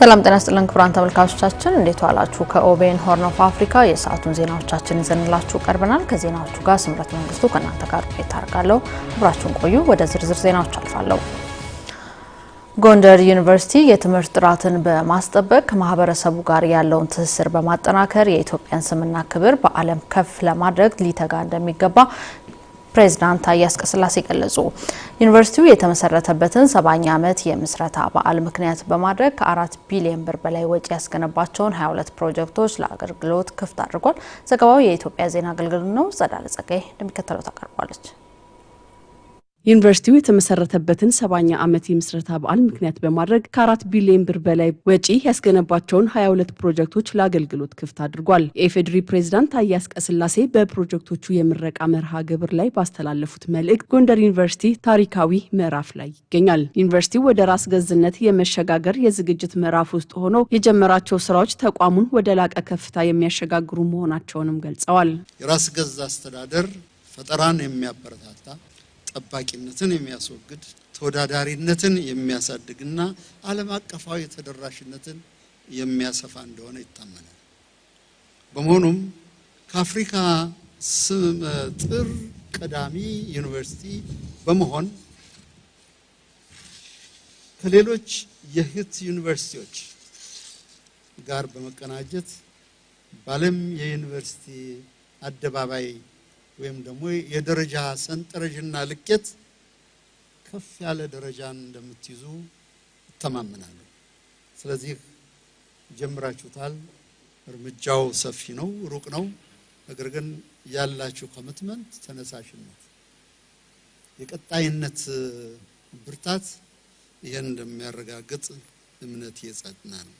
ሰላም ጤና ስጥልን ክቡራን ተመልካቾቻችን እንዴት ዋላችሁ? ከኦቤን ሆርን ኦፍ አፍሪካ የሰዓቱን ዜናዎቻችን ይዘንላችሁ ቀርበናል። ከዜናዎቹ ጋር ስምረት መንግስቱ ከእናንተ ጋር ቆይታ አድርጋለሁ። አብራችሁን ቆዩ። ወደ ዝርዝር ዜናዎች አልፋለሁ። ጎንደር ዩኒቨርሲቲ የትምህርት ጥራትን በማስጠበቅ ከማህበረሰቡ ጋር ያለውን ትስስር በማጠናከር የኢትዮጵያን ስምና ክብር በዓለም ከፍ ለማድረግ ሊተጋ እንደሚገባ ፕሬዝዳንት ታዬ አጽቀሥላሴ ገለጹ። ዩኒቨርሲቲው የተመሰረተበትን ሰባኛ ዓመት የምስረታ በዓል ምክንያት በማድረግ ከአራት ቢሊዮን ብር በላይ ወጪ ያስገነባቸውን 22 ፕሮጀክቶች ለአገልግሎት ክፍት አድርጓል። ዘገባው የኢትዮጵያ ዜና አገልግሎት ነው። ጸዳለ ጸጋይ እንደሚከተለው ታቀርቧለች። ዩኒቨርሲቲው የተመሰረተበትን ሰባኛ ዓመት የምስረታ በዓል ምክንያት በማድረግ ከአራት ቢሊዮን ብር በላይ ወጪ ያስገነባቸውን ሀያ ሁለት ፕሮጀክቶች ለአገልግሎት ክፍት አድርጓል። የኢፌዴሪ ፕሬዚዳንት አያስ ቀስላሴ በፕሮጀክቶቹ የምረቃ መርሃ ግብር ላይ ባስተላለፉት መልእክት ጎንደር ዩኒቨርሲቲ ታሪካዊ ምዕራፍ ላይ ይገኛል። ዩኒቨርሲቲው ወደ ራስ ገዝነት የመሸጋገር የዝግጅት ምዕራፍ ውስጥ ሆኖ የጀመራቸው ስራዎች ተቋሙን ወደ ላቀ ከፍታ የሚያሸጋግሩ መሆናቸውንም ገልጸዋል። የራስ ገዝ አስተዳደር ፈጠራን የሚያበረታታ ጠባቂነትን የሚያስወግድ ተወዳዳሪነትን የሚያሳድግና ዓለም አቀፋዊ ተደራሽነትን የሚያሰፋ እንደሆነ ይታመናል። በመሆኑም ከአፍሪካ ስመጥር ቀዳሚ ዩኒቨርሲቲ በመሆን ከሌሎች የእህት ዩኒቨርሲቲዎች ጋር በመቀናጀት በዓለም የዩኒቨርሲቲ አደባባይ ወይም ደግሞ የደረጃ ሰንጠረዥና ልኬት ከፍ ያለ ደረጃን እንደምትይዙ እተማመናለሁ። ስለዚህ ጀምራችሁታል። እርምጃው ሰፊ ነው፣ ሩቅ ነው። ነገር ግን ያላችሁ ኮሚትመንት፣ ተነሳሽነት፣ የቀጣይነት ብርታት ይህን እንደሚያረጋግጥ እምነት የጸና ነው።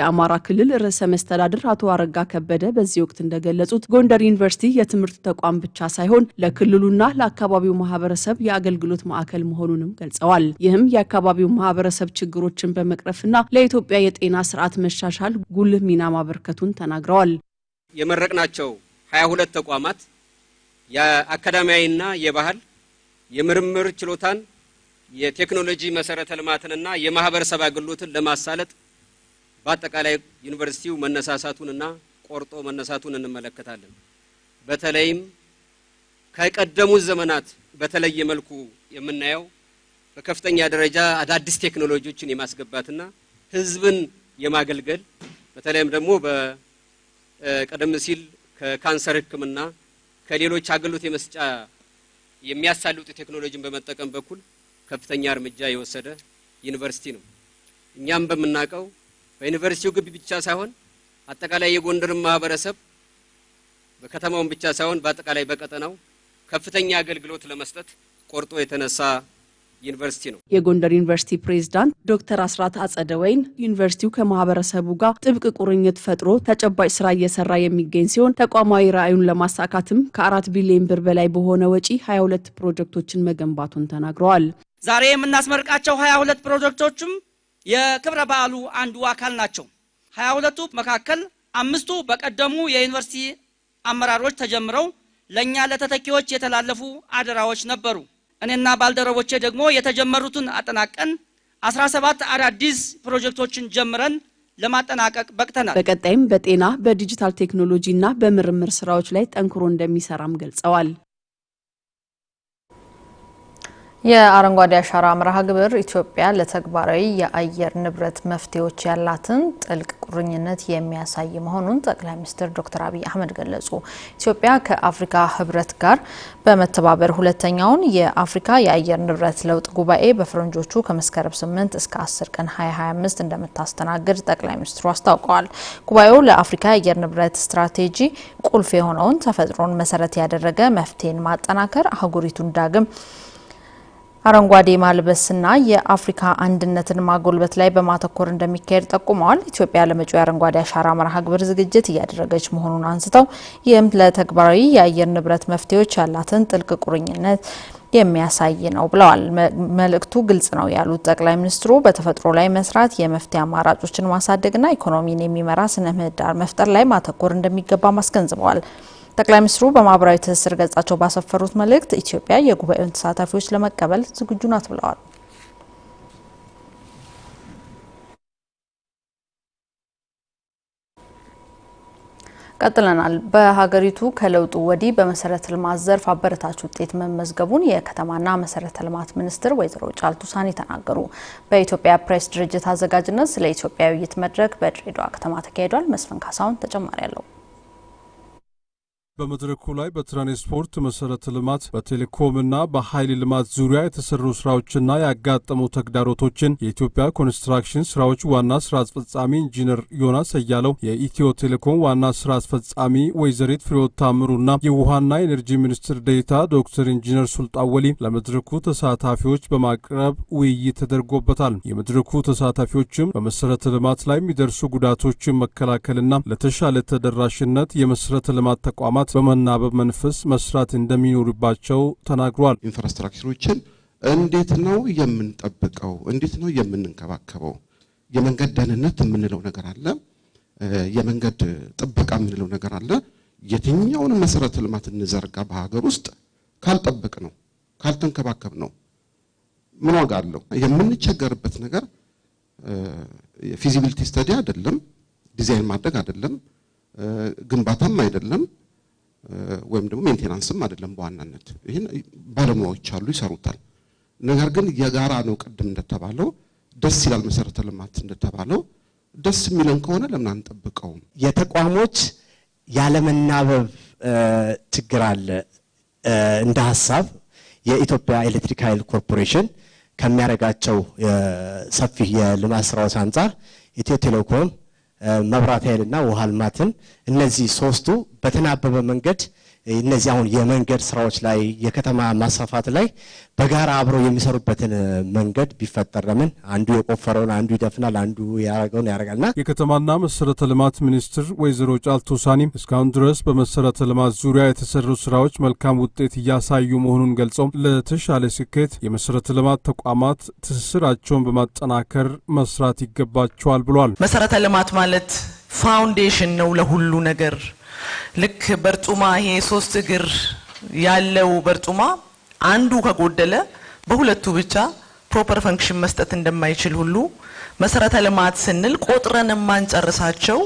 የአማራ ክልል ርዕሰ መስተዳድር አቶ አረጋ ከበደ በዚህ ወቅት እንደገለጹት ጎንደር ዩኒቨርሲቲ የትምህርት ተቋም ብቻ ሳይሆን ለክልሉና ለአካባቢው ማህበረሰብ የአገልግሎት ማዕከል መሆኑንም ገልጸዋል። ይህም የአካባቢው ማህበረሰብ ችግሮችን በመቅረፍና ለኢትዮጵያ የጤና ስርዓት መሻሻል ጉልህ ሚና ማበርከቱን ተናግረዋል። የመረቅናቸው ሀያ ሁለት ተቋማት የአካዳሚያዊና የባህል የምርምር ችሎታን የቴክኖሎጂ መሰረተ ልማትንና የማህበረሰብ አገልግሎትን ለማሳለጥ በአጠቃላይ ዩኒቨርሲቲው መነሳሳቱንና ቆርጦ መነሳቱን እንመለከታለን። በተለይም ከቀደሙት ዘመናት በተለየ መልኩ የምናየው በከፍተኛ ደረጃ አዳዲስ ቴክኖሎጂዎችን የማስገባትና ሕዝብን የማገልገል በተለይም ደግሞ በቀደም ሲል ከካንሰር ሕክምና ከሌሎች አገልግሎት የመስጫ የሚያሳልጡ ቴክኖሎጂን በመጠቀም በኩል ከፍተኛ እርምጃ የወሰደ ዩኒቨርሲቲ ነው። እኛም በምናውቀው በዩኒቨርሲቲው ግቢ ብቻ ሳይሆን አጠቃላይ የጎንደርን ማህበረሰብ በከተማውን ብቻ ሳይሆን በአጠቃላይ በቀጠናው ከፍተኛ አገልግሎት ለመስጠት ቆርጦ የተነሳ ዩኒቨርሲቲ ነው። የጎንደር ዩኒቨርሲቲ ፕሬዝዳንት ዶክተር አስራት አጸደወይን ዩኒቨርሲቲው ከማህበረሰቡ ጋር ጥብቅ ቁርኝት ፈጥሮ ተጨባጭ ስራ እየሰራ የሚገኝ ሲሆን ተቋማዊ ራዕዩን ለማሳካትም ከአራት ቢሊዮን ብር በላይ በሆነ ወጪ 22 ፕሮጀክቶችን መገንባቱን ተናግረዋል። ዛሬ የምናስመርቃቸው 22 ፕሮጀክቶችም የክብረ በዓሉ አንዱ አካል ናቸው ሀያ ሁለቱ መካከል አምስቱ በቀደሙ የዩኒቨርሲቲ አመራሮች ተጀምረው ለእኛ ለተተኪዎች የተላለፉ አደራዎች ነበሩ እኔና ባልደረቦቼ ደግሞ የተጀመሩትን አጠናቀን ሰባት አዳዲስ ፕሮጀክቶችን ጀምረን ለማጠናቀቅ በቅተናል። በቀጣይም በጤና በዲጂታል ቴክኖሎጂ እና በምርምር ስራዎች ላይ ጠንክሮ እንደሚሰራም ገልጸዋል። የአረንጓዴ አሻራ መርሃ ግብር ኢትዮጵያ ለተግባራዊ የአየር ንብረት መፍትሄዎች ያላትን ጥልቅ ቁርኝነት የሚያሳይ መሆኑን ጠቅላይ ሚኒስትር ዶክተር አብይ አህመድ ገለጹ። ኢትዮጵያ ከአፍሪካ ህብረት ጋር በመተባበር ሁለተኛውን የአፍሪካ የአየር ንብረት ለውጥ ጉባኤ በፈረንጆቹ ከመስከረም 8 እስከ 10 ቀን 2025 እንደምታስተናግድ ጠቅላይ ሚኒስትሩ አስታውቀዋል። ጉባኤው ለአፍሪካ የአየር ንብረት ስትራቴጂ ቁልፍ የሆነውን ተፈጥሮን መሰረት ያደረገ መፍትሄን ማጠናከር አህጉሪቱን ዳግም አረንጓዴ ማልበስና የአፍሪካ አንድነትን ማጎልበት ላይ በማተኮር እንደሚካሄድ ጠቁመዋል። ኢትዮጵያ ለመጪው የአረንጓዴ አሻራ መርሃ ግብር ዝግጅት እያደረገች መሆኑን አንስተው ይህም ለተግባራዊ የአየር ንብረት መፍትሄዎች ያላትን ጥልቅ ቁርኝነት የሚያሳይ ነው ብለዋል። መልእክቱ ግልጽ ነው ያሉት ጠቅላይ ሚኒስትሩ በተፈጥሮ ላይ መስራት፣ የመፍትሄ አማራጮችን ማሳደግና ኢኮኖሚን የሚመራ ስነ ምህዳር መፍጠር ላይ ማተኮር እንደሚገባ አስገንዝበዋል። ጠቅላይ ሚኒስትሩ በማህበራዊ ትስስር ገጻቸው ባሰፈሩት መልእክት ኢትዮጵያ የጉባኤውን ተሳታፊዎች ለመቀበል ዝግጁ ናት ብለዋል። ቀጥለናል። በሀገሪቱ ከለውጡ ወዲህ በመሰረተ ልማት ዘርፍ አበረታች ውጤት መመዝገቡን የከተማና መሰረተ ልማት ሚኒስትር ወይዘሮ ጫልቱ ሳኒ ተናገሩ። በኢትዮጵያ ፕሬስ ድርጅት አዘጋጅነት ስለ ኢትዮጵያ ውይይት መድረክ በድሬዳዋ ከተማ ተካሂዷል። መስፍን ካሳሁን ተጨማሪ አለው። በመድረኩ ላይ በትራንስፖርት መሰረተ ልማት በቴሌኮምና በኃይል ልማት ዙሪያ የተሰሩ ስራዎችና ያጋጠሙ ተግዳሮቶችን የኢትዮጵያ ኮንስትራክሽን ስራዎች ዋና ስራ አስፈጻሚ ኢንጂነር ዮናስ አያለው፣ የኢትዮ ቴሌኮም ዋና ስራ አስፈጻሚ ወይዘሪት ፍሬወት ታምሩና የውሃና ኤነርጂ ሚኒስትር ዴታ ዶክተር ኢንጂነር ሱልጣን ወሊ ለመድረኩ ተሳታፊዎች በማቅረብ ውይይት ተደርጎበታል። የመድረኩ ተሳታፊዎችም በመሰረተ ልማት ላይ የሚደርሱ ጉዳቶችን መከላከልና ለተሻለ ተደራሽነት የመሰረተ ልማት ተቋማት ተቋማት በመናበብ መንፈስ መስራት እንደሚኖርባቸው ተናግሯል። ኢንፍራስትራክቸሮችን እንዴት ነው የምንጠብቀው? እንዴት ነው የምንንከባከበው? የመንገድ ደህንነት የምንለው ነገር አለ። የመንገድ ጥበቃ የምንለው ነገር አለ። የትኛውን መሰረተ ልማት እንዘርጋ በሀገር ውስጥ ካልጠበቅ ነው ካልተንከባከብ ነው ምን ዋጋ አለው? የምንቸገርበት ነገር ፊዚቢሊቲ ስተዲ አይደለም፣ ዲዛይን ማድረግ አይደለም፣ ግንባታም አይደለም። ወይም ደግሞ ሜንቴናንስም አይደለም በዋናነት ይህን ባለሙያዎች አሉ ይሰሩታል። ነገር ግን የጋራ ነው። ቅድም እንደተባለው ደስ ይላል መሰረተ ልማት እንደተባለው ደስ የሚለን ከሆነ ለምን አንጠብቀውም? የተቋሞች ያለመናበብ ችግር አለ። እንደ ሀሳብ የኢትዮጵያ ኤሌክትሪክ ኃይል ኮርፖሬሽን ከሚያደርጋቸው ሰፊ የልማት ስራዎች አንጻር ኢትዮ ቴሌኮም መብራት ኃይልና ውሃ ልማትን እነዚህ ሶስቱ በተናበበ መንገድ እነዚህ አሁን የመንገድ ስራዎች ላይ የከተማ ማስፋፋት ላይ በጋራ አብረው የሚሰሩበትን መንገድ ቢፈጠር ለምን አንዱ የቆፈረውን አንዱ ይደፍናል፣ አንዱ ያረገውን ያደርጋልና የከተማና መሰረተ ልማት ሚኒስትር ወይዘሮ ጫልቱ ሳኒም እስካሁን ድረስ በመሰረተ ልማት ዙሪያ የተሰሩ ስራዎች መልካም ውጤት እያሳዩ መሆኑን ገልጸው ለተሻለ ስኬት የመሰረተ ልማት ተቋማት ትስስራቸውን በማጠናከር መስራት ይገባቸዋል ብሏል። መሰረተ ልማት ማለት ፋውንዴሽን ነው ለሁሉ ነገር ልክ በርጩማ ይሄ ሶስት እግር ያለው በርጩማ አንዱ ከጎደለ በሁለቱ ብቻ ፕሮፐር ፈንክሽን መስጠት እንደማይችል ሁሉ መሰረተ ልማት ስንል ቆጥረን የማንጨርሳቸው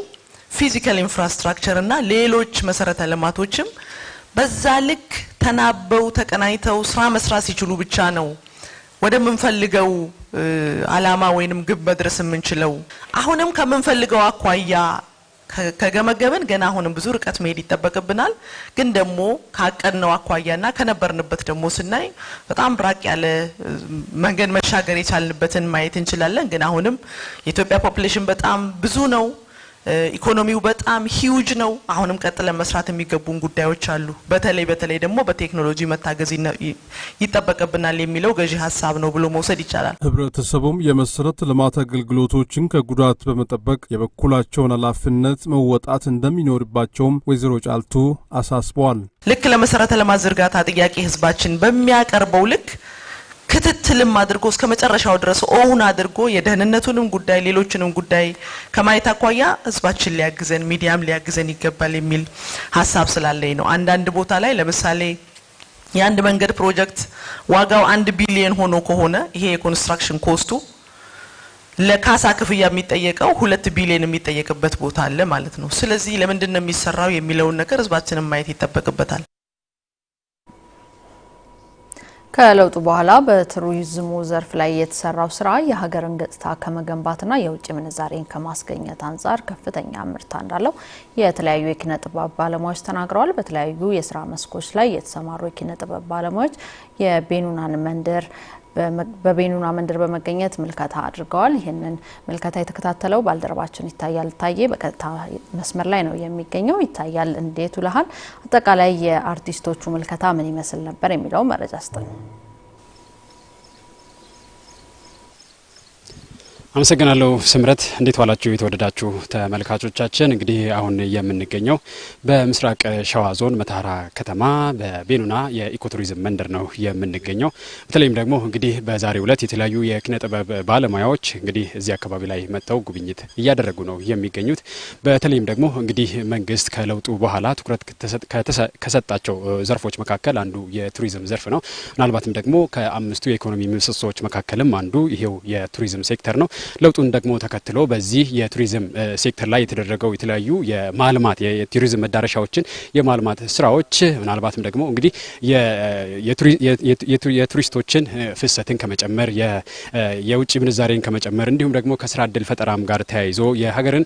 ፊዚካል ኢንፍራስትራክቸር እና ሌሎች መሰረተ ልማቶችም በዛ ልክ ተናበው ተቀናኝተው ስራ መስራት ሲችሉ ብቻ ነው ወደምንፈልገው አላማ ወይንም ግብ መድረስ የምንችለው። አሁንም ከምንፈልገው አኳያ ከገመገብን ገና አሁንም ብዙ ርቀት መሄድ ይጠበቅብናል። ግን ደግሞ ካቀድነው አኳያና ከነበርንበት ደግሞ ስናይ በጣም ራቅ ያለ መንገድ መሻገር የቻልንበትን ማየት እንችላለን። ግን አሁንም የኢትዮጵያ ፖፕሌሽን በጣም ብዙ ነው። ኢኮኖሚው በጣም ሂውጅ ነው። አሁንም ቀጥለን መስራት የሚገቡን ጉዳዮች አሉ። በተለይ በተለይ ደግሞ በቴክኖሎጂ መታገዝ ይጠበቅብናል የሚለው ገዢ ሀሳብ ነው ብሎ መውሰድ ይቻላል። ህብረተሰቡም የመሰረተ ልማት አገልግሎቶችን ከጉዳት በመጠበቅ የበኩላቸውን ኃላፊነት መወጣት እንደሚኖርባቸውም ወይዘሮ ጫልቱ አሳስበዋል። ልክ ለመሰረተ ልማት ዝርጋታ ጥያቄ ህዝባችን በሚያቀርበው ልክ ክትትልም አድርጎ እስከ መጨረሻው ድረስ ኦውን አድርጎ የደህንነቱንም ጉዳይ ሌሎችንም ጉዳይ ከማየት አኳያ ህዝባችን ሊያግዘን ሚዲያም ሊያግዘን ይገባል የሚል ሀሳብ ስላለኝ ነው። አንዳንድ ቦታ ላይ ለምሳሌ የአንድ መንገድ ፕሮጀክት ዋጋው አንድ ቢሊየን ሆኖ ከሆነ ይሄ የኮንስትራክሽን ኮስቱ ለካሳ ክፍያ የሚጠየቀው ሁለት ቢሊዮን የሚጠየቅበት ቦታ አለ ማለት ነው። ስለዚህ ለምንድን ነው የሚሰራው የሚለውን ነገር ህዝባችንን ማየት ይጠበቅበታል። ከለውጡ በኋላ በቱሪዝሙ ዘርፍ ላይ የተሰራው ስራ የሀገርን ገጽታ ከመገንባትና የውጭ ምንዛሬን ከማስገኘት አንጻር ከፍተኛ ምርታ እንዳለው የተለያዩ የኪነ ጥበብ ባለሙያዎች ተናግረዋል። በተለያዩ የስራ መስኮች ላይ የተሰማሩ የኪነ ጥበብ ባለሙያዎች የቤኑናን መንደር በቤኑና መንደር በመገኘት ምልከታ አድርገዋል። ይህንን ምልከታ የተከታተለው ባልደረባችን ይታያል ታዬ በቀጥታ መስመር ላይ ነው የሚገኘው። ይታያል፣ እንዴት ውለሃል? አጠቃላይ የአርቲስቶቹ ምልከታ ምን ይመስል ነበር የሚለው መረጃ ስጠን። አመሰግናለሁ ስምረት። እንዴት ዋላችሁ የተወደዳችሁ ተመልካቾቻችን። እንግዲህ አሁን የምንገኘው በምስራቅ ሸዋ ዞን መተሃራ ከተማ በቤኑና የኢኮቱሪዝም መንደር ነው የምንገኘው። በተለይም ደግሞ እንግዲህ በዛሬው ዕለት የተለያዩ የኪነ ጥበብ ባለሙያዎች እንግዲህ እዚህ አካባቢ ላይ መጥተው ጉብኝት እያደረጉ ነው የሚገኙት። በተለይም ደግሞ እንግዲህ መንግስት ከለውጡ በኋላ ትኩረት ከሰጣቸው ዘርፎች መካከል አንዱ የቱሪዝም ዘርፍ ነው። ምናልባትም ደግሞ ከአምስቱ የኢኮኖሚ ምሰሶዎች መካከልም አንዱ ይሄው የቱሪዝም ሴክተር ነው። ለውጡን ደግሞ ተከትሎ በዚህ የቱሪዝም ሴክተር ላይ የተደረገው የተለያዩ የማልማት የቱሪዝም መዳረሻዎችን የማልማት ስራዎች ምናልባትም ደግሞ እንግዲህ የቱሪስቶችን ፍሰትን ከመጨመር የውጭ ምንዛሬን ከመጨመር እንዲሁም ደግሞ ከስራ እድል ፈጠራም ጋር ተያይዞ የሀገርን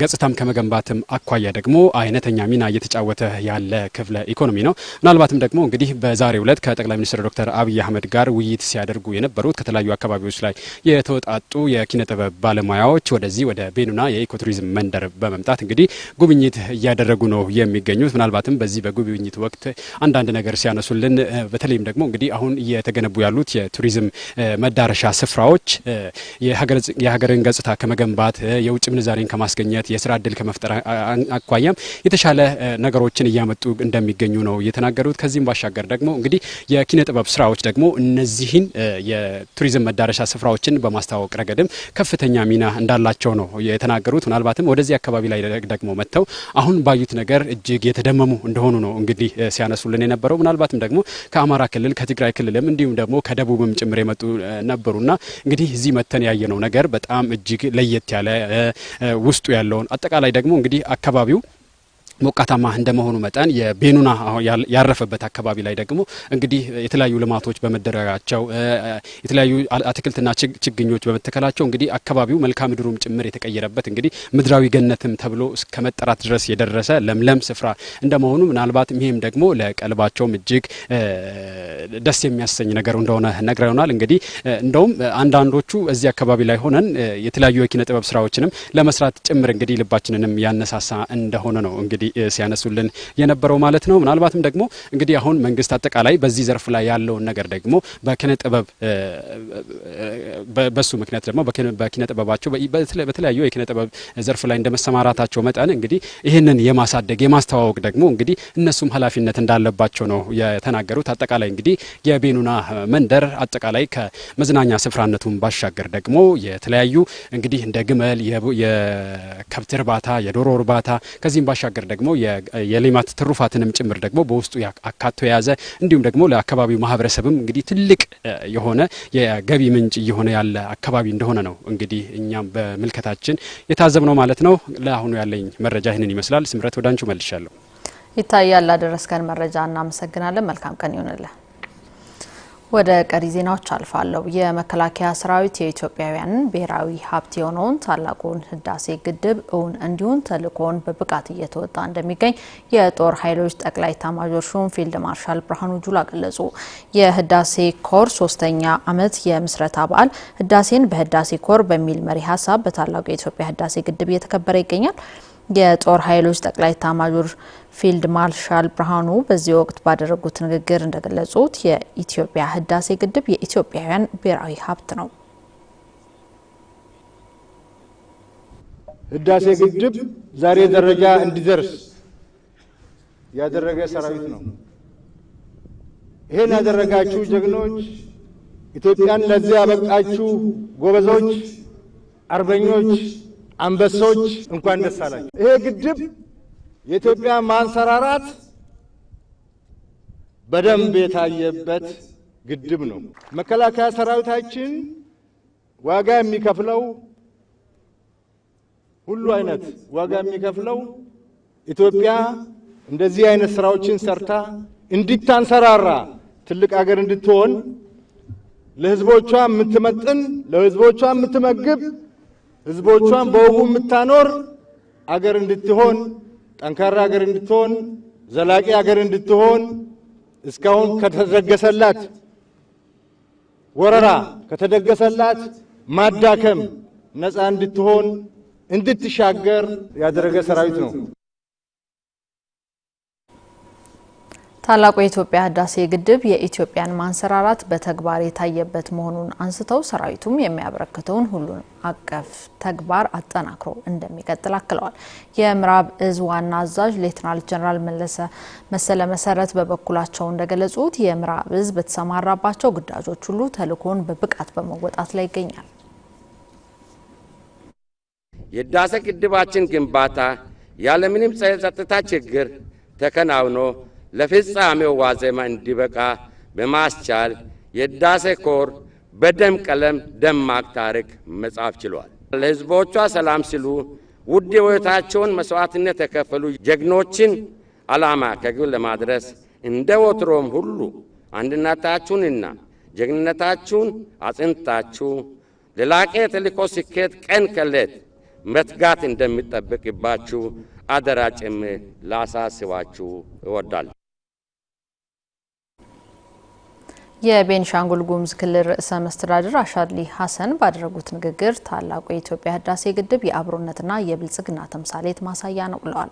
ገጽታም ከመገንባትም አኳያ ደግሞ አይነተኛ ሚና እየተጫወተ ያለ ክፍለ ኢኮኖሚ ነው። ምናልባትም ደግሞ እንግዲህ በዛሬው ዕለት ከጠቅላይ ሚኒስትር ዶክተር አብይ አህመድ ጋር ውይይት ሲያደርጉ የነበሩት ከተለያዩ አካባቢዎች ላይ የተወጣጡ የኪነ ጥበብ ባለሙያዎች ወደዚህ ወደ ቤኑና የኢኮቱሪዝም መንደር በመምጣት እንግዲህ ጉብኝት እያደረጉ ነው የሚገኙት። ምናልባትም በዚህ በጉብኝት ወቅት አንዳንድ ነገር ሲያነሱልን፣ በተለይም ደግሞ እንግዲህ አሁን እየተገነቡ ያሉት የቱሪዝም መዳረሻ ስፍራዎች የሀገርን ገጽታ ከመገንባት የውጭ ምንዛሬን ከማስገኘት የስራ እድል ከመፍጠር አኳያም የተሻለ ነገሮችን እያመጡ እንደሚገኙ ነው የተናገሩት። ከዚህም ባሻገር ደግሞ እንግዲህ የኪነ ጥበብ ስራዎች ደግሞ እነዚህን የቱሪዝም መዳረሻ ስፍራዎችን በማስተዋወቅ ረገድ ረገድም ከፍተኛ ሚና እንዳላቸው ነው የተናገሩት። ምናልባትም ወደዚህ አካባቢ ላይ ደግሞ መጥተው አሁን ባዩት ነገር እጅግ የተደመሙ እንደሆኑ ነው እንግዲህ ሲያነሱልን የነበረው። ምናልባትም ደግሞ ከአማራ ክልል ከትግራይ ክልልም እንዲሁም ደግሞ ከደቡብም ጭምር የመጡ ነበሩና እንግዲህ እዚህ መተን ያየነው ነገር በጣም እጅግ ለየት ያለ ውስጡ ያለውን አጠቃላይ ደግሞ እንግዲህ አካባቢው ሞቃታማ እንደመሆኑ መጠን የቤኑና ያረፈበት አካባቢ ላይ ደግሞ እንግዲህ የተለያዩ ልማቶች በመደረጋቸው የተለያዩ አትክልትና ችግኞች በመተከላቸው እንግዲህ አካባቢው መልክዓ ምድሩም ጭምር የተቀየረበት እንግዲህ ምድራዊ ገነትም ተብሎ እስከ መጠራት ድረስ የደረሰ ለምለም ስፍራ እንደመሆኑ ምናልባት ይህም ደግሞ ለቀልባቸውም እጅግ ደስ የሚያሰኝ ነገር እንደሆነ ይሆናል እንግዲህ እንደውም አንዳንዶቹ እዚህ አካባቢ ላይ ሆነን የተለያዩ የኪነ ጥበብ ስራዎችንም ለመስራት ጭምር እንግዲህ ልባችንንም ያነሳሳ እንደሆነ ነው እንግዲህ እንግዲህ ሲያነሱልን የነበረው ማለት ነው። ምናልባትም ደግሞ እንግዲህ አሁን መንግስት አጠቃላይ በዚህ ዘርፍ ላይ ያለውን ነገር ደግሞ በኪነ ጥበብ በሱ ምክንያት ደግሞ በኪነ ጥበባቸው በተለያዩ የኪነ ጥበብ ዘርፍ ላይ እንደመሰማራታቸው መጠን እንግዲህ ይህንን የማሳደግ የማስተዋወቅ ደግሞ እንግዲህ እነሱም ኃላፊነት እንዳለባቸው ነው የተናገሩት። አጠቃላይ እንግዲህ የቤኑና መንደር አጠቃላይ ከመዝናኛ ስፍራነቱን ባሻገር ደግሞ የተለያዩ እንግዲህ እንደ ግመል፣ የከብት እርባታ፣ የዶሮ እርባታ ከዚህም ባሻገር ደግሞ የሌማት ትሩፋትንም ጭምር ደግሞ በውስጡ አካቶ የያዘ እንዲሁም ደግሞ ለአካባቢው ማህበረሰብም እንግዲህ ትልቅ የሆነ የገቢ ምንጭ እየሆነ ያለ አካባቢ እንደሆነ ነው እንግዲህ እኛም በምልከታችን የታዘብነው ማለት ነው። ለአሁኑ ያለኝ መረጃ ይህንን ይመስላል። ስምረት ወዳንቹ መልሻለሁ። ይታያል። ላደረስከን መረጃ እናመሰግናለን። መልካም ቀን ይሁንልህ። ወደ ቀሪ ዜናዎች አልፋለሁ። የመከላከያ ሰራዊት የኢትዮጵያውያንን ብሔራዊ ሀብት የሆነውን ታላቁን ህዳሴ ግድብ እውን እንዲሁን ተልእኮውን በብቃት እየተወጣ እንደሚገኝ የጦር ኃይሎች ጠቅላይ ኤታማዦር ሹም ፊልድ ማርሻል ብርሃኑ ጁላ ገለጹ። የህዳሴ ኮር ሶስተኛ ዓመት የምስረታ በዓል ህዳሴን በህዳሴ ኮር በሚል መሪ ሀሳብ በታላቁ የኢትዮጵያ ህዳሴ ግድብ እየተከበረ ይገኛል። የጦር ኃይሎች ጠቅላይ ታማዦር ፊልድ ማርሻል ብርሃኑ በዚህ ወቅት ባደረጉት ንግግር እንደገለጹት የኢትዮጵያ ህዳሴ ግድብ የኢትዮጵያውያን ብሔራዊ ሀብት ነው። ህዳሴ ግድብ ዛሬ ደረጃ እንዲደርስ ያደረገ ሰራዊት ነው። ይሄን ያደረጋችሁ ጀግኖች፣ ኢትዮጵያን ለዚህ ያበቃችሁ ጎበዞች፣ አርበኞች አንበሶች እንኳን ደስ አላቸው። ይሄ ግድብ የኢትዮጵያ ማንሰራራት በደንብ የታየበት ግድብ ነው። መከላከያ ሰራዊታችን ዋጋ የሚከፍለው ሁሉ አይነት ዋጋ የሚከፍለው ኢትዮጵያ እንደዚህ አይነት ስራዎችን ሰርታ እንዲታንሰራራ ትልቅ አገር እንድትሆን ለህዝቦቿ የምትመጥን ለህዝቦቿ የምትመግብ ህዝቦቿን በውቡ የምታኖር አገር እንድትሆን ጠንካራ አገር እንድትሆን ዘላቂ አገር እንድትሆን እስካሁን ከተደገሰላት ወረራ ከተደገሰላት ማዳከም ነፃ እንድትሆን እንድትሻገር ያደረገ ሰራዊት ነው። ታላቁ የኢትዮጵያ ህዳሴ ግድብ የኢትዮጵያን ማንሰራራት በተግባር የታየበት መሆኑን አንስተው ሰራዊቱም የሚያበረክተውን ሁሉን አቀፍ ተግባር አጠናክሮ እንደሚቀጥል አክለዋል። የምዕራብ እዝ ዋና አዛዥ ሌትናል ጀነራል መሰለ መሰረት በበኩላቸው እንደገለጹት የምዕራብ እዝ በተሰማራባቸው ግዳጆች ሁሉ ተልኮን በብቃት በመወጣት ላይ ይገኛል። የህዳሴ ግድባችን ግንባታ ያለምንም ጸጥታ ችግር ተከናውኖ ለፍጻሜው ዋዜማ እንዲበቃ በማስቻል የህዳሴ ኮር በደም ቀለም ደማቅ ታሪክ መጻፍ ችሏል። ለህዝቦቿ ሰላም ሲሉ ውድ ሕይወታቸውን መሥዋዕትነት የከፈሉ ጀግኖችን ዓላማ ከግብ ለማድረስ እንደ ወትሮም ሁሉ አንድነታችሁንና ጀግንነታችሁን አጽንታችሁ ለላቀ የተልእኮ ስኬት ቀን ከሌት መትጋት እንደሚጠበቅባችሁ አደራ ጭምር ላሳስባችሁ እወዳለሁ። የቤንሻንጉል ጉሙዝ ክልል ርዕሰ መስተዳድር አሻድሊ ሀሰን ባደረጉት ንግግር ታላቁ የኢትዮጵያ ህዳሴ ግድብ የአብሮነትና የብልጽግና ተምሳሌት ማሳያ ነው ብለዋል።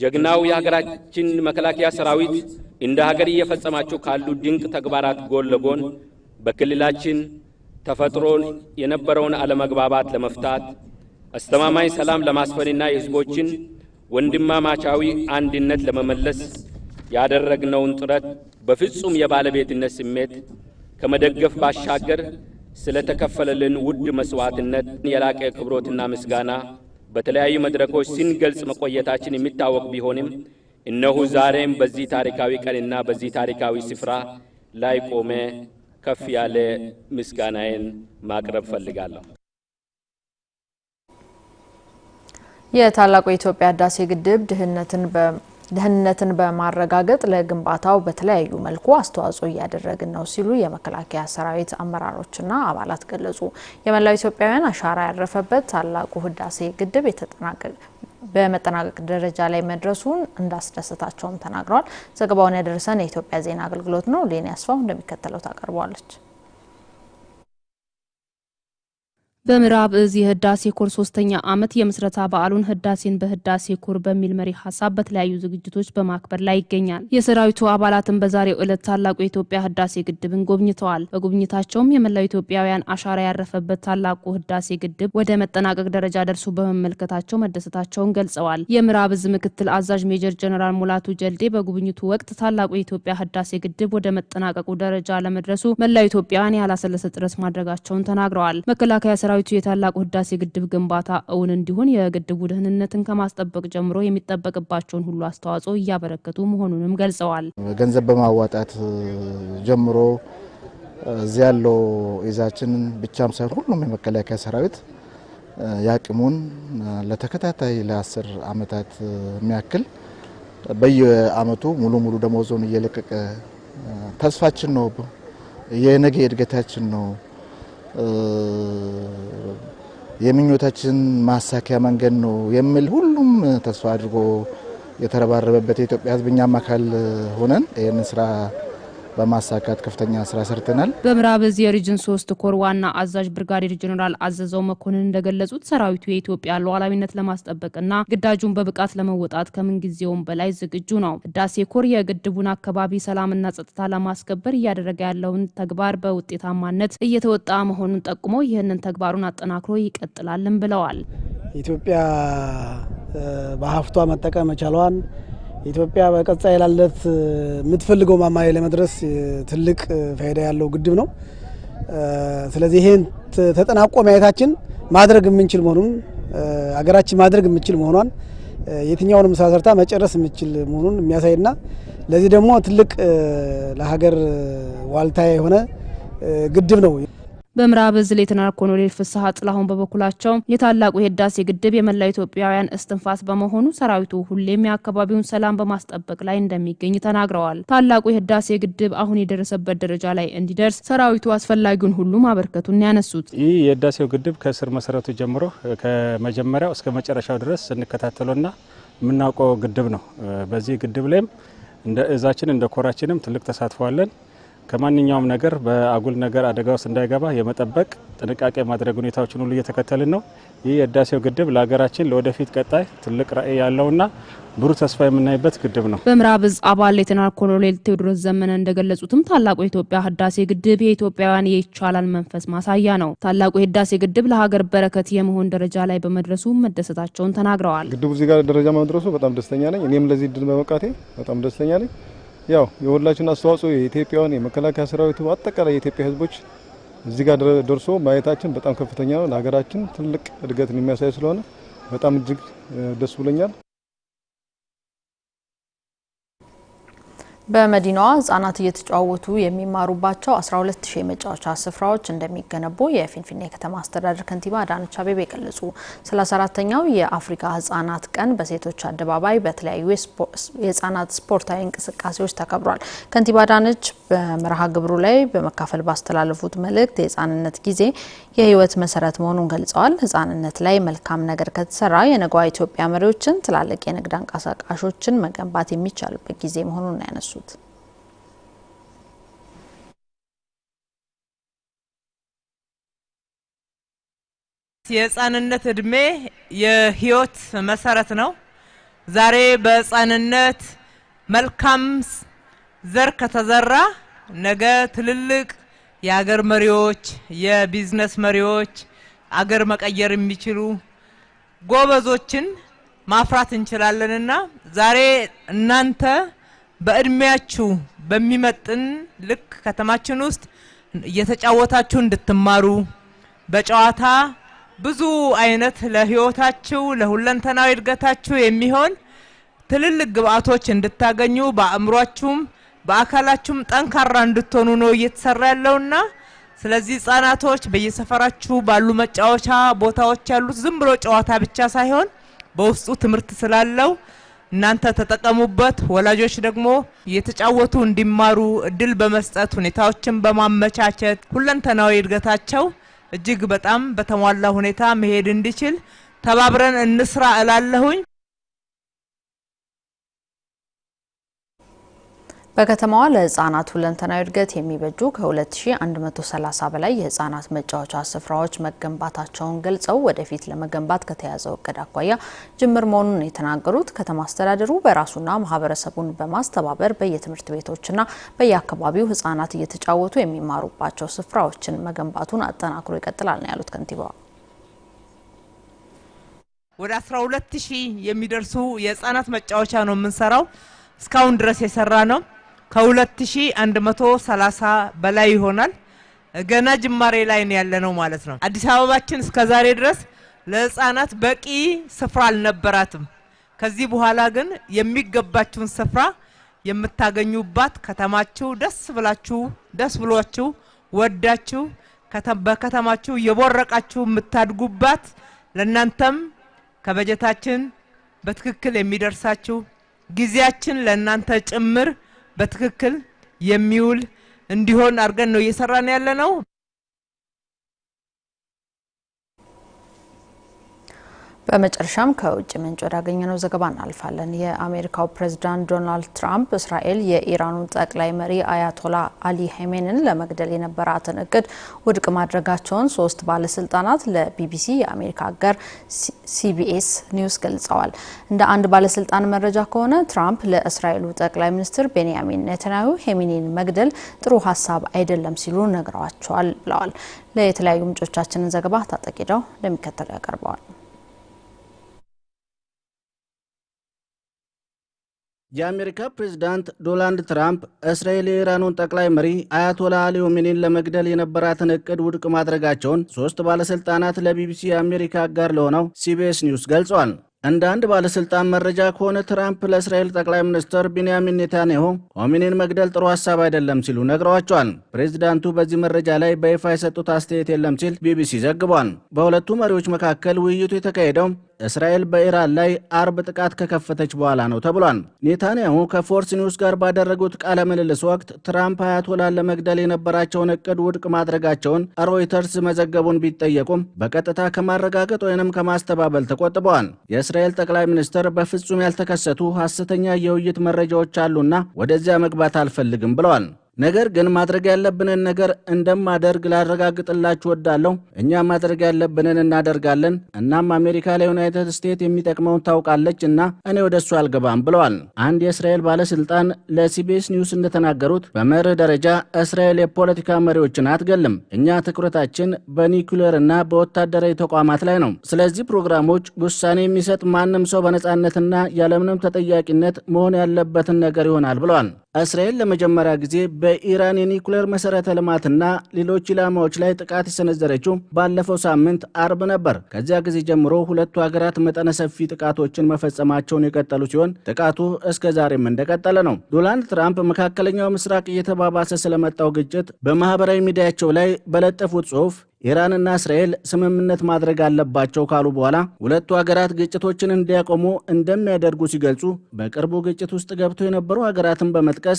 ጀግናው የሀገራችን መከላከያ ሰራዊት እንደ ሀገር እየፈጸማቸው ካሉ ድንቅ ተግባራት ጎን ለጎን በክልላችን ተፈጥሮ የነበረውን አለመግባባት ለመፍታት አስተማማኝ ሰላም ለማስፈንና የህዝቦችን ወንድማማቻዊ አንድነት ለመመለስ ያደረግነውን ጥረት በፍጹም የባለቤትነት ስሜት ከመደገፍ ባሻገር ስለተከፈለልን ውድ መስዋዕትነት የላቀ ክብሮትና ምስጋና በተለያዩ መድረኮች ስንገልጽ መቆየታችን የሚታወቅ ቢሆንም እነሆ ዛሬም በዚህ ታሪካዊ ቀንና በዚህ ታሪካዊ ስፍራ ላይ ቆሜ ከፍ ያለ ምስጋናዬን ማቅረብ ፈልጋለሁ። የታላቁ የኢትዮጵያ ህዳሴ ግድብ ድህነትን ደህንነትን በማረጋገጥ ለግንባታው በተለያዩ መልኩ አስተዋጽኦ እያደረግን ነው ሲሉ የመከላከያ ሰራዊት አመራሮችና አባላት ገለጹ። የመላው ኢትዮጵያውያን አሻራ ያረፈበት ታላቁ ህዳሴ ግድብ በመጠናቀቅ ደረጃ ላይ መድረሱን እንዳስደሰታቸውም ተናግረዋል። ዘገባውን ያደረሰን የኢትዮጵያ ዜና አገልግሎት ነው። ሌኒ አስፋው እንደሚከተለው ታቀርበዋለች። በምዕራብ እዝ የህዳሴ ኮር ሶስተኛ ዓመት የምስረታ በዓሉን ህዳሴን በህዳሴ ኮር በሚል መሪ ሀሳብ በተለያዩ ዝግጅቶች በማክበር ላይ ይገኛል። የሰራዊቱ አባላትን በዛሬው ዕለት ታላቁ የኢትዮጵያ ህዳሴ ግድብን ጎብኝተዋል። በጉብኝታቸውም የመላው ኢትዮጵያውያን አሻራ ያረፈበት ታላቁ ህዳሴ ግድብ ወደ መጠናቀቅ ደረጃ ደርሶ በመመልከታቸው መደሰታቸውን ገልጸዋል። የምዕራብ እዝ ምክትል አዛዥ ሜጀር ጀነራል ሙላቱ ጀልዴ በጉብኝቱ ወቅት ታላቁ የኢትዮጵያ ህዳሴ ግድብ ወደ መጠናቀቁ ደረጃ ለመድረሱ መላው ኢትዮጵያውያን ያላሰለሰ ጥረት ማድረጋቸውን ተናግረዋል። መከላከያ ሰራዊቱ የታላቁ ህዳሴ ግድብ ግንባታ እውን እንዲሆን የግድቡ ደህንነትን ከማስጠበቅ ጀምሮ የሚጠበቅባቸውን ሁሉ አስተዋጽኦ እያበረከቱ መሆኑንም ገልጸዋል። ገንዘብ በማዋጣት ጀምሮ እዚ ያለው ይዛችን ብቻም ሳይሆን ሁሉም የመከላከያ ሰራዊት ያቅሙን ለተከታታይ ለአስር አመታት የሚያክል በየአመቱ ሙሉ ሙሉ ደሞዞን እየለቀቀ ተስፋችን ነው፣ የነገ እድገታችን ነው የምኞታችን ማሳኪያ መንገድ ነው የሚል ሁሉም ተስፋ አድርጎ የተረባረበበት የኢትዮጵያ ሕዝብ እኛም አካል ሆነን ይህንን ስራ በማሳካት ከፍተኛ ስራ ሰርተናል። በምዕራብ እዝ የሪጅን ሶስት ኮር ዋና አዛዥ ብርጋዴር ጀኔራል አዘዘው መኮንን እንደገለጹት ሰራዊቱ የኢትዮጵያ ሉዓላዊነት ለማስጠበቅና ግዳጁን በብቃት ለመወጣት ከምንጊዜውም በላይ ዝግጁ ነው። ህዳሴ ኮር የግድቡን አካባቢ ሰላምና ጸጥታ ለማስከበር እያደረገ ያለውን ተግባር በውጤታማነት እየተወጣ መሆኑን ጠቁሞ ይህንን ተግባሩን አጠናክሮ ይቀጥላልን ብለዋል። ኢትዮጵያ በሀብቷ መጠቀም መቻሏን ኢትዮጵያ በቀጣይ ላለት የምትፈልገው ማማ ላይ ለመድረስ ትልቅ ፋይዳ ያለው ግድብ ነው። ስለዚህ ይሄን ተጠናቆ ማየታችን ማድረግ የምንችል መሆኑን አገራችን ማድረግ የምችል መሆኗን የትኛውንም ስራ ሰርታ መጨረስ የምችል መሆኑን የሚያሳይና ለዚህ ደግሞ ትልቅ ለሀገር ዋልታ የሆነ ግድብ ነው። በምዕራብ እዝ ሌተናል ኮሎኔል ፍስሐ ጥላሁን በበኩላቸው የታላቁ የህዳሴ ግድብ የመላው ኢትዮጵያውያን እስትንፋስ በመሆኑ ሰራዊቱ ሁሌም የአካባቢውን ሰላም በማስጠበቅ ላይ እንደሚገኝ ተናግረዋል። ታላቁ የህዳሴ ግድብ አሁን የደረሰበት ደረጃ ላይ እንዲደርስ ሰራዊቱ አስፈላጊውን ሁሉ ማበርከቱን ያነሱት ይህ የህዳሴው ግድብ ከስር መሰረቱ ጀምሮ ከመጀመሪያው እስከ መጨረሻው ድረስ ስንከታተለውና የምናውቀው ግድብ ነው። በዚህ ግድብ ላይም እንደ እዛችን እንደ ኮራችንም ትልቅ ተሳትፏለን። ከማንኛውም ነገር በአጉል ነገር አደጋ ውስጥ እንዳይገባ የመጠበቅ ጥንቃቄ ማድረግ ሁኔታዎችን ሁሉ እየተከተልን ነው። ይህ የህዳሴው ግድብ ለሀገራችን ለወደፊት ቀጣይ ትልቅ ራዕይ ያለውና ብሩህ ተስፋ የምናይበት ግድብ ነው። በምዕራብ እዝ አባል ሌተናል ኮሎኔል ቴዎድሮስ ዘመነ እንደገለጹትም ታላቁ የኢትዮጵያ ህዳሴ ግድብ የኢትዮጵያውያን የይቻላል መንፈስ ማሳያ ነው። ታላቁ የህዳሴ ግድብ ለሀገር በረከት የመሆን ደረጃ ላይ በመድረሱ መደሰታቸውን ተናግረዋል። ግድቡ እዚህ ጋር ደረጃ መድረሱ በጣም ደስተኛ ነኝ። እኔም ለዚህ ድል በመብቃቴ በጣም ደስተኛ ነኝ። ያው የሁላችን አስተዋጽኦ የኢትዮጵያውያን የመከላከያ ሰራዊቱ አጠቃላይ የኢትዮጵያ ህዝቦች እዚህ ጋር ደርሶ ማየታችን በጣም ከፍተኛ ነው። ለሀገራችን ትልቅ እድገትን የሚያሳይ ስለሆነ በጣም እጅግ ደስ ብሎኛል። በመዲናዋ ህጻናት እየተጫወቱ የሚማሩባቸው 120 የመጫወቻ ስፍራዎች እንደሚገነቡ የፊንፊኔ ከተማ አስተዳደር ከንቲባ አዳነች አቤቤ ገለጹ። 34ተኛው የአፍሪካ ህጻናት ቀን በሴቶች አደባባይ በተለያዩ የህጻናት ስፖርታዊ እንቅስቃሴዎች ተከብሯል። ከንቲባ አዳነች በመርሃ ግብሩ ላይ በመካፈል ባስተላለፉት መልእክት የህጻንነት ጊዜ የህይወት መሰረት መሆኑን ገልጸዋል። ህጻንነት ላይ መልካም ነገር ከተሰራ የነገዋ ኢትዮጵያ መሪዎችን፣ ትላልቅ የንግድ አንቀሳቃሾችን መገንባት የሚቻልበት ጊዜ መሆኑን ያነሱ የሚደርሱት። የህፃንነት እድሜ የህይወት መሰረት ነው። ዛሬ በህፃንነት መልካም ዘር ከተዘራ ነገ ትልልቅ የአገር መሪዎች፣ የቢዝነስ መሪዎች፣ አገር መቀየር የሚችሉ ጎበዞችን ማፍራት እንችላለንና ዛሬ እናንተ በእድሜያችሁ በሚመጥን ልክ ከተማችን ውስጥ እየተጫወታችሁ እንድትማሩ በጨዋታ ብዙ አይነት ለህይወታችሁ ለሁለንተናዊ እድገታችሁ የሚሆን ትልልቅ ግብአቶች እንድታገኙ በአእምሯችሁም በአካላችሁም ጠንካራ እንድትሆኑ ነው እየተሰራ ያለውና ስለዚህ ህጻናቶች በየሰፈራችሁ ባሉ መጫወቻ ቦታዎች ያሉት ዝም ብሎ ጨዋታ ብቻ ሳይሆን በውስጡ ትምህርት ስላለው እናንተ ተጠቀሙበት፣ ወላጆች ደግሞ እየተጫወቱ እንዲማሩ እድል በመስጠት ሁኔታዎችን በማመቻቸት ሁለንተናዊ እድገታቸው እጅግ በጣም በተሟላ ሁኔታ መሄድ እንዲችል ተባብረን እንስራ እላለሁኝ። በከተማዋ ለህፃናት ሁለንተናዊ እድገት የሚበጁ ከ2130 በላይ የህፃናት መጫወቻ ስፍራዎች መገንባታቸውን ገልጸው ወደፊት ለመገንባት ከተያዘው እቅድ አኳያ ጅምር መሆኑን የተናገሩት ከተማ አስተዳደሩ በራሱና ማህበረሰቡን በማስተባበር በየትምህርት ቤቶችና በየአካባቢው ህፃናት እየተጫወቱ የሚማሩባቸው ስፍራዎችን መገንባቱን አጠናክሮ ይቀጥላል ነው ያሉት ከንቲባዋ። ወደ 12 ሺህ የሚደርሱ የህፃናት መጫወቻ ነው የምንሰራው። እስካሁን ድረስ የሰራ ነው ከ2130 በላይ ይሆናል። ገና ጅማሬ ላይ ነው ያለነው ማለት ነው። አዲስ አበባችን እስከ ዛሬ ድረስ ለህፃናት በቂ ስፍራ አልነበራትም። ከዚህ በኋላ ግን የሚገባችውን ስፍራ የምታገኙባት ከተማችሁ ደስ ብላችሁ ደስ ብሏችሁ ወዳችሁ በከተማችሁ የቦረቃችሁ የምታድጉባት ለእናንተም ከበጀታችን በትክክል የሚደርሳችሁ ጊዜያችን ለእናንተ ጭምር በትክክል የሚውል እንዲሆን አድርገን ነው እየሰራን ያለ ነው። በመጨረሻም ከውጭ ምንጭ ወዳገኘነው ዘገባ እናልፋለን። የአሜሪካው ፕሬዝዳንት ዶናልድ ትራምፕ እስራኤል የኢራኑን ጠቅላይ መሪ አያቶላ አሊ ሄሜንን ለመግደል የነበራትን እቅድ ውድቅ ማድረጋቸውን ሶስት ባለስልጣናት ለቢቢሲ የአሜሪካ አገር ሲቢኤስ ኒውስ ገልጸዋል። እንደ አንድ ባለስልጣን መረጃ ከሆነ ትራምፕ ለእስራኤሉ ጠቅላይ ሚኒስትር ቤንያሚን ኔታንያሁ ሄሜኒን መግደል ጥሩ ሀሳብ አይደለም ሲሉ ነግረዋቸዋል ብለዋል። ለየተለያዩ ምንጮቻችንን ዘገባ ታጠቂደው እንደሚከተለው ያቀርበዋል። የአሜሪካ ፕሬዝዳንት ዶናልድ ትራምፕ እስራኤል የኢራኑን ጠቅላይ መሪ አያቶላ አሊ ሆሜኒን ለመግደል የነበራትን እቅድ ውድቅ ማድረጋቸውን ሶስት ባለሥልጣናት ለቢቢሲ የአሜሪካ አጋር ለሆነው ሲቢኤስ ኒውስ ገልጿል። እንደ አንድ ባለሥልጣን መረጃ ከሆነ ትራምፕ ለእስራኤል ጠቅላይ ሚኒስትር ቢንያሚን ኔታንያሁ ሆሜኒን መግደል ጥሩ ሀሳብ አይደለም ሲሉ ነግረዋቸዋል። ፕሬዚዳንቱ በዚህ መረጃ ላይ በይፋ የሰጡት አስተያየት የለም ሲል ቢቢሲ ዘግቧል። በሁለቱ መሪዎች መካከል ውይይቱ የተካሄደው እስራኤል በኢራን ላይ አርብ ጥቃት ከከፈተች በኋላ ነው ተብሏል። ኔታንያሁ ከፎርስ ኒውስ ጋር ባደረጉት ቃለ ምልልስ ወቅት ትራምፕ አያቶላን ለመግደል የነበራቸውን እቅድ ውድቅ ማድረጋቸውን ሮይተርስ መዘገቡን ቢጠየቁም በቀጥታ ከማረጋገጥ ወይንም ከማስተባበል ተቆጥበዋል። የእስራኤል ጠቅላይ ሚኒስትር በፍጹም ያልተከሰቱ ሐሰተኛ የውይይት መረጃዎች አሉና ወደዚያ መግባት አልፈልግም ብለዋል። ነገር ግን ማድረግ ያለብንን ነገር እንደማደርግ ላረጋግጥላችሁ ወዳለሁ። እኛ ማድረግ ያለብንን እናደርጋለን። እናም አሜሪካ ለዩናይትድ ስቴትስ የሚጠቅመውን ታውቃለች እና እኔ ወደ እሱ አልገባም ብለዋል። አንድ የእስራኤል ባለስልጣን ለሲቢኤስ ኒውስ እንደተናገሩት በመርህ ደረጃ እስራኤል የፖለቲካ መሪዎችን አትገልም። እኛ ትኩረታችን በኒኩሌር እና በወታደራዊ ተቋማት ላይ ነው። ስለዚህ ፕሮግራሞች ውሳኔ የሚሰጥ ማንም ሰው በነጻነትና ያለምንም ተጠያቂነት መሆን ያለበትን ነገር ይሆናል ብለዋል። እስራኤል ለመጀመሪያ ጊዜ በኢራን የኒኩሌር መሠረተ ልማትና ሌሎች ኢላማዎች ላይ ጥቃት የሰነዘረችው ባለፈው ሳምንት አርብ ነበር። ከዚያ ጊዜ ጀምሮ ሁለቱ ሀገራት መጠነ ሰፊ ጥቃቶችን መፈጸማቸውን የቀጠሉ ሲሆን ጥቃቱ እስከ ዛሬም እንደቀጠለ ነው። ዶናልድ ትራምፕ መካከለኛው ምስራቅ እየተባባሰ ስለመጣው ግጭት በማህበራዊ ሚዲያቸው ላይ በለጠፉት ጽሑፍ ኢራንና እስራኤል ስምምነት ማድረግ አለባቸው ካሉ በኋላ ሁለቱ ሀገራት ግጭቶችን እንዲያቆሙ እንደሚያደርጉ ሲገልጹ በቅርቡ ግጭት ውስጥ ገብተው የነበሩ ሀገራትን በመጥቀስ